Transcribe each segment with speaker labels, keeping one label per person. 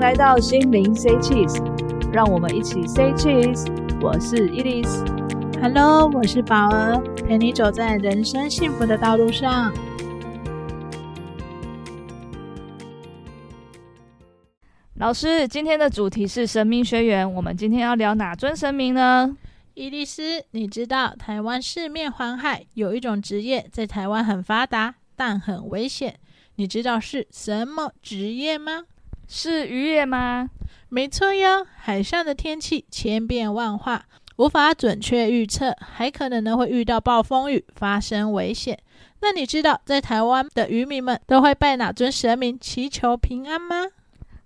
Speaker 1: 來到心靈，say cheese，讓我們一起 say cheese。我是伊莉絲，Hello，我是寶兒，陪你走在人生幸福的道路上。老師，今天的主題是神明學園，我們今天要聊哪尊神明呢？伊莉絲，你知道台灣四面環海，
Speaker 2: 有一種職業在台灣很發達，但很危險，你知道是什麼職業嗎？是漁業嗎？沒錯喲，海上的天氣，千變萬化，無法準確預測，還可能呢會遇到暴風雨，發生危險。那你知道在台灣的漁民們都會拜哪尊神明祈求平安嗎？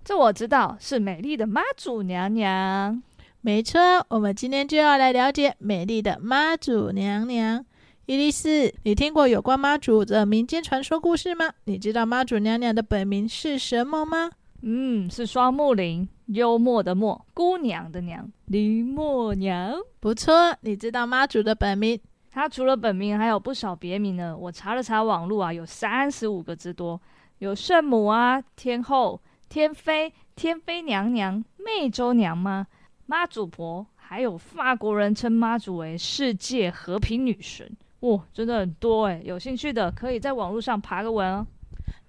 Speaker 2: 這我知道，是美麗的媽祖娘娘。沒錯，我們今天就要來了解美麗的媽祖娘娘。伊莉絲，你聽過有關媽祖的民間傳說故事嗎？你知道媽祖娘娘的本
Speaker 1: 名是什麼嗎？嗯，是雙木林，幽默的默，姑娘的娘，林默娘，不錯。你知道媽祖的本名？她除了本名，還有不少別名呢。我查了查網絡啊，有三十五個之多，有聖母啊、天後、天妃、天妃娘娘、湄洲娘媽、媽祖婆，還有法國人稱媽祖為世界和平女神。哇、哦，真的很多哎！有興趣的可以在網絡上爬個文哦。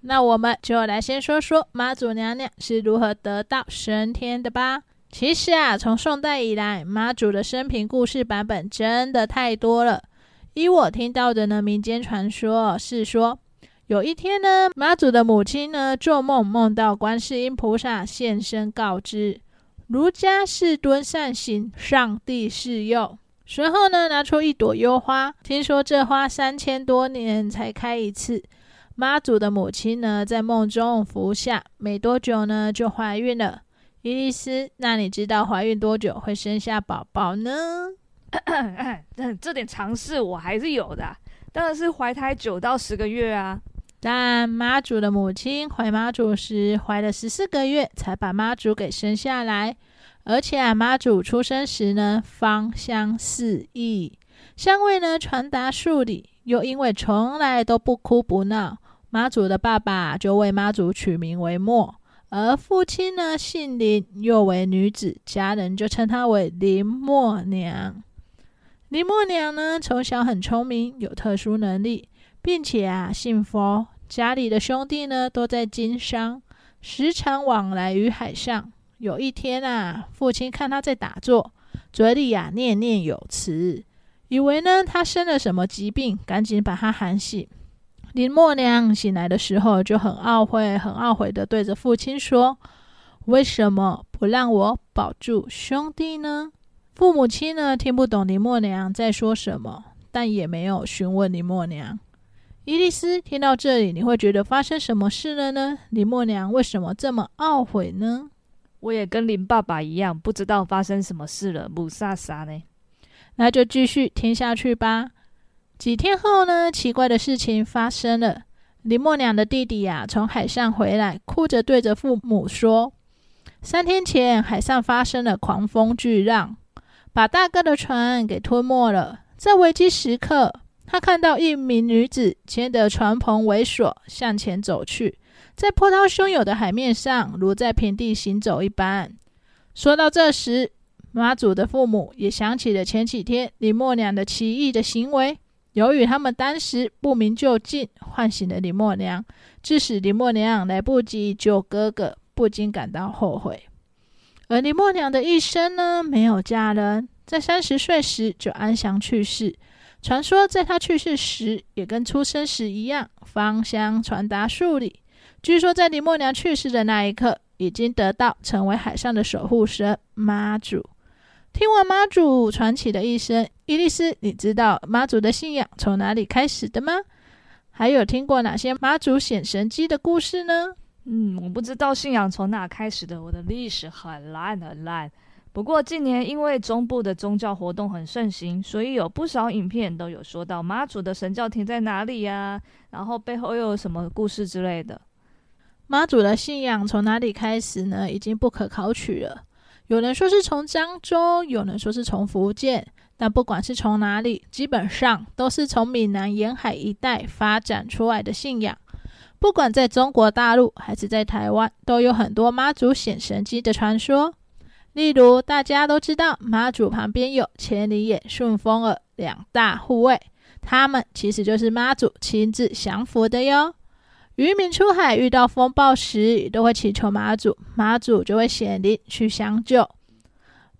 Speaker 1: 那我們就來
Speaker 2: 先說說媽祖娘娘是如何得道升天的吧。其實啊，從宋代以來，媽祖的生平故事版本真的太多了。依我聽到的呢，民間傳說是說，有一天呢，媽祖的母親呢，做夢夢到觀世音菩薩現身告知，儒家是敦善行，上帝是佑。隨後呢，拿出一朵優花，聽說這花三千多年才開一次。媽祖的母親呢，在夢中服下，沒多久呢，就懷孕了。伊莉絲，那你知道懷孕多久會
Speaker 1: 生下寶寶呢？這點常識我還是有的，當然是懷胎九到十個月啊。但媽祖的母親懷媽
Speaker 2: 祖時懷了十四個月，才把媽祖給生下來。而且啊，媽祖出生時呢，芳香四溢，香味呢，傳達數里，又因為從來都不哭不鬧。媽祖的爸爸就為媽祖取名為默，而父親呢，姓林，又為女子，家人就稱她為林默娘。林默娘呢，從小很聰明，有特殊能力，並且啊信佛，哦。家裡的兄弟呢都在經商，時常往來於海上。有一天啊，父親看她在打坐，嘴裡啊念念有詞，以為呢她生了什麼疾病，趕緊把她喊醒。林默娘醒來的時候就很懊悔，很懊悔的對着父親說：“為什麼不讓我保住兄弟呢？”父母親呢，聽不懂林默娘在說什麼，但也沒有詢問林默娘。伊莉絲聽到這裡，你會覺得發生什麼事了呢？林默娘為什麼這麼懊悔呢？
Speaker 1: 我也跟林爸爸一樣，不知道發生什麼事了，母殺殺呢？那就繼續聽下去吧。幾
Speaker 2: 天後呢，奇怪的事情發生了。林默娘的弟弟呀、啊，從海上回來，哭着對着父母說：“三天前，海上發生了狂風巨浪，把大哥的船給吞沒了。在危機時刻，他看到一名女子牽着船篷桅索向前走去，在波濤洶湧的海面上，如在平地行走一般。”說到這時，媽祖的父母也想起了前幾天林默娘的奇異的行為。由於他們當時不明就裡，喚醒了林默娘，致使林默娘來不及救哥哥，不禁感到後悔。而林默娘的一生呢，沒有嫁人，在三十歲時就安詳去世。傳說在她去世時，也跟出生時一樣，芳香傳達數里。據說在林默娘去世的那一刻，已經得到成為海上的守護神媽祖。聽完媽祖傳奇的一生。伊莉絲，你知道媽祖的信仰從哪
Speaker 1: 裡開始的嗎？還有聽過哪些媽祖顯神跡的故事呢？嗯，我不知道信仰從哪開始的，我的歷史很爛很爛。不過近年因為中部的宗教活動很盛行，所以有不少影片都有說到媽祖的神轎停在哪裡呀、啊，然後背後又有什麼故事之類的？媽
Speaker 2: 祖的信仰從哪裡開始呢？已經不可考取了。有人說是從漳州，有人說是從福建。但不管是從哪裡，基本上都是從閩南沿海一帶發展出來的信仰。不管在中國大陸還是在台灣，都有很多媽祖顯神跡的傳說。例如，大家都知道媽祖旁邊有千里眼、順風耳兩大護衛，他們其實就是媽祖親自降服的喲。漁民出海遇到風暴時，都會祈求媽祖，媽祖就會顯靈去相救。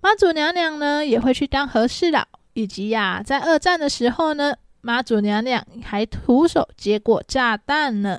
Speaker 2: 媽祖娘娘呢，也會去當和事佬，以及呀、啊，在二戰的時候呢，媽祖
Speaker 1: 娘娘還徒手接過炸彈呢。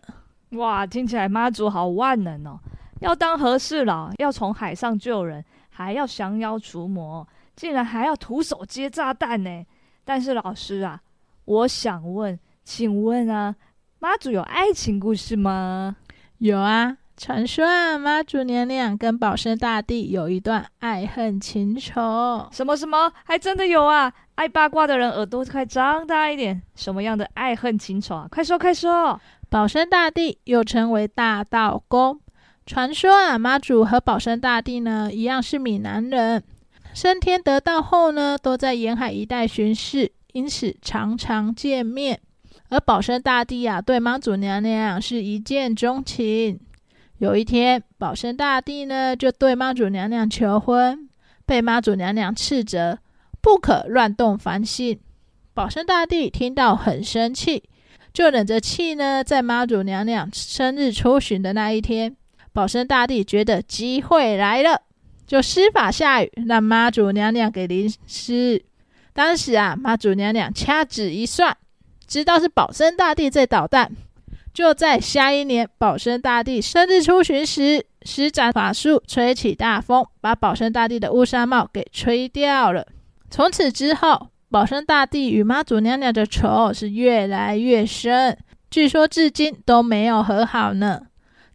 Speaker 1: 哇，聽起來媽祖好萬能哦！要當和事佬，要從海上救人，還要降妖除魔，竟然還要徒手接炸彈呢。但是老師啊，我想問，請問啊，媽祖有愛情故事嗎？有啊。傳說啊，媽祖娘娘跟保生大帝有一段愛恨情仇，什麼什麼還真的有啊？愛八卦的人耳朵快張大一點，什麼樣的愛恨情仇啊？快說快說！保生大帝又稱為大道
Speaker 2: 公。傳說啊，媽祖和保生大帝呢，一樣是閩南人，升天得道後呢，都在沿海一帶巡視，因此常常見面。而保生大帝啊，對媽祖娘娘是一見鍾情。有一天，保生大帝呢就對媽祖娘娘求婚，被媽祖娘娘斥責，不可亂動凡心。保生大帝聽到很生氣，就忍着氣呢，在媽祖娘娘生日出巡的那一天，保生大帝覺得機會來了，就施法下雨，讓媽祖娘娘給淋濕。當時啊，媽祖娘娘掐指一算，知道是保生大帝在搗蛋。就在下一年，保生大帝生日出巡時，施展法術，吹起大風，把保生大帝的烏紗帽給吹掉了。從此之後，保生大帝與媽祖娘娘的仇是越來越深，據說至今都沒有和好呢。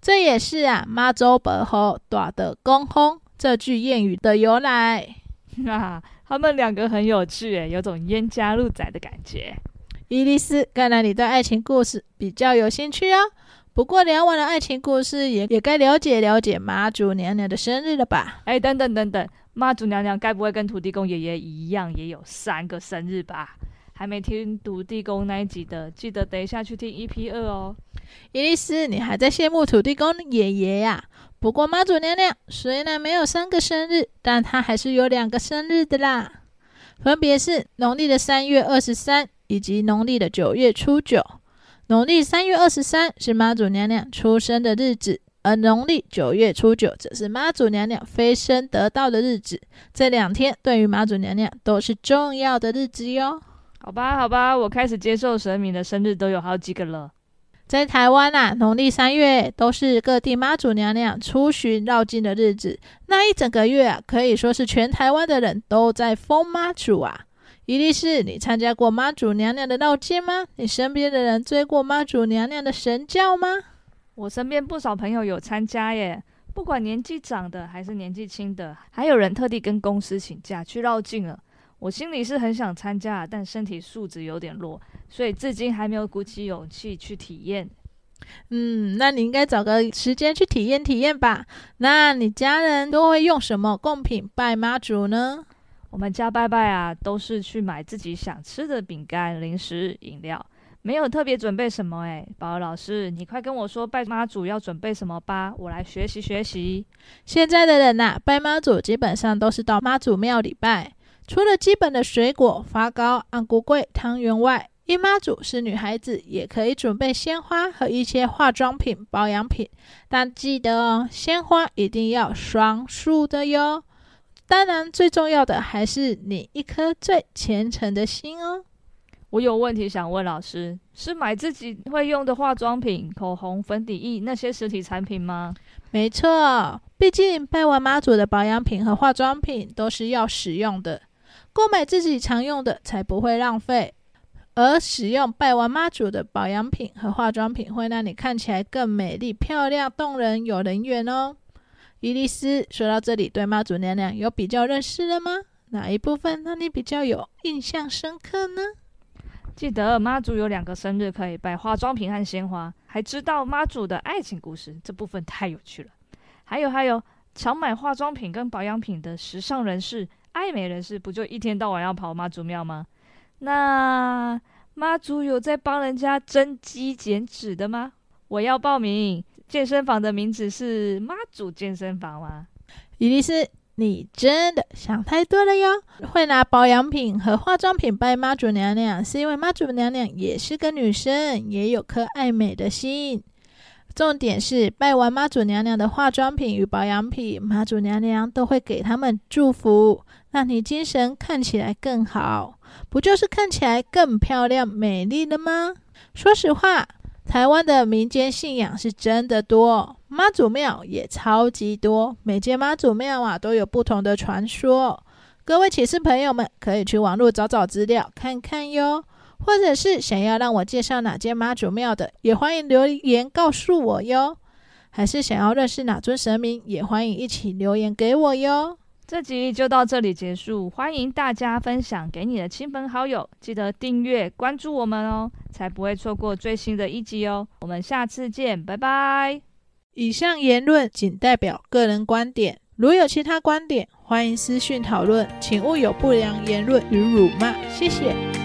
Speaker 2: 這也是啊，媽祖本侯打的公轟這句諺語的由來。
Speaker 1: 哈、啊、哈，他們兩個很有趣，誒，有種冤家路窄的感覺。伊
Speaker 2: 莉絲，看來你對愛情故事比較有興趣啊、哦。不過，聊完了愛情故事也也該了解了解媽祖娘娘的生日了吧？哎，等等等
Speaker 1: 等，媽祖娘娘該不會跟土地公爺爺一樣，也有三個生日吧？還沒聽土地公那一集的，記得等一下去聽 EP 二哦。伊莉絲，你還在
Speaker 2: 羨慕土地公爺爺呀、啊？不過，媽祖娘娘雖然沒有三個生日，但她還是有兩個生日的啦，分別是農曆的三月二十三。以及農曆的九月初九，農曆三月二十三是媽祖娘娘出生的日子，而農曆九月初九則是媽祖娘娘飛升得道的日子。這兩天對於媽祖娘娘都是重要的日子喲。好吧，好吧，我開始接受神
Speaker 1: 明的生日都有好幾個了。
Speaker 2: 在台灣啊，農曆三月都是各地媽祖娘娘出巡繞境的日子，那一整個月啊，可以說是全台灣的人都在瘋媽祖啊。伊莉絲，你參加過媽祖娘娘的繞境嗎？
Speaker 1: 你身邊的人追過媽祖娘娘的神轎嗎？我身邊不少朋友有參加耶，不管年紀長的還是年紀輕的，還有人特地跟公司請假去繞境了。我心裡是很想參加，但身體素質有點弱，所以至今還沒有鼓起勇氣去體驗。
Speaker 2: 嗯，那你應該找個時間去
Speaker 1: 體驗體驗吧。那你家人都會用什麼貢品拜媽祖呢？我們家拜拜啊，都是去買自己想吃的餅乾、零食、飲料，沒有特別準備什麼誒、欸，寶兒老師，你快跟我說拜媽祖要準備什麼吧，我來學習學習。
Speaker 2: 現在的人啊，拜媽祖基本上都是到媽祖廟裡拜，除了基本的水果、發糕、紅龜粿、湯圓外，因媽祖是女孩子，也可以準備鮮花和一些化妝品、保養品，但記得哦，鮮花一定要雙數的喲。當然，最重要的
Speaker 1: 還是你一顆最虔誠的心哦。我有問題想問老師，是買自己會用的化妝品、口紅、粉底液那些實體產品嗎？
Speaker 2: 沒錯，畢竟拜完媽祖的保養品和化妝品都是要使用的，購買自己常用的才不會浪費。而使用拜完媽祖的保養品和化妝品，會讓你看起來更美麗、漂亮、動人、有人緣哦。伊麗絲，說到這裡，對媽祖娘娘有比較認識了嗎？
Speaker 1: 哪一部分讓你比較有印象深刻呢？記得媽祖有兩個生日，可以擺化妝品和鮮花，還知道媽祖的愛情故事，這部分太有趣了。還有還有，常買化妝品跟保養品的時尚人士、愛美人士，不就一天到晚要跑媽祖廟嗎？那媽祖有在幫人家增肌減脂的嗎？我要報名。健身房的名字是媽祖健身房嗎？
Speaker 2: 伊莉絲，你真的想太多了喲！會拿保養品和化妝品拜媽祖娘娘，是因為媽祖娘娘也是個女生，也有顆愛美的心。重點是，拜完媽祖娘娘的化妝品與保養品，媽祖娘娘都會給他們祝福，讓你精神看起來更好。不就是看起來更漂亮、美麗了嗎？說實話。台灣的民間信仰是真的多，媽祖廟也超級多，每間媽祖廟啊都有不同的傳說。各位起士朋友們，可以去網絡找找資料看看喲。或者是想要讓我介紹哪間媽祖廟的，也歡迎留言告訴我喲。還是想要
Speaker 1: 認識哪尊神明，也歡迎一起留言給我喲。這集就到這裡結束，歡迎大家分享給你的親朋好友，記得訂閱關注我們哦，才不會錯過最新的一集哦。我們下次見，拜拜。以上言論僅代表個
Speaker 2: 人觀點，如有其他觀點，歡迎私訊討論，請勿有不良言論與辱罵，謝謝。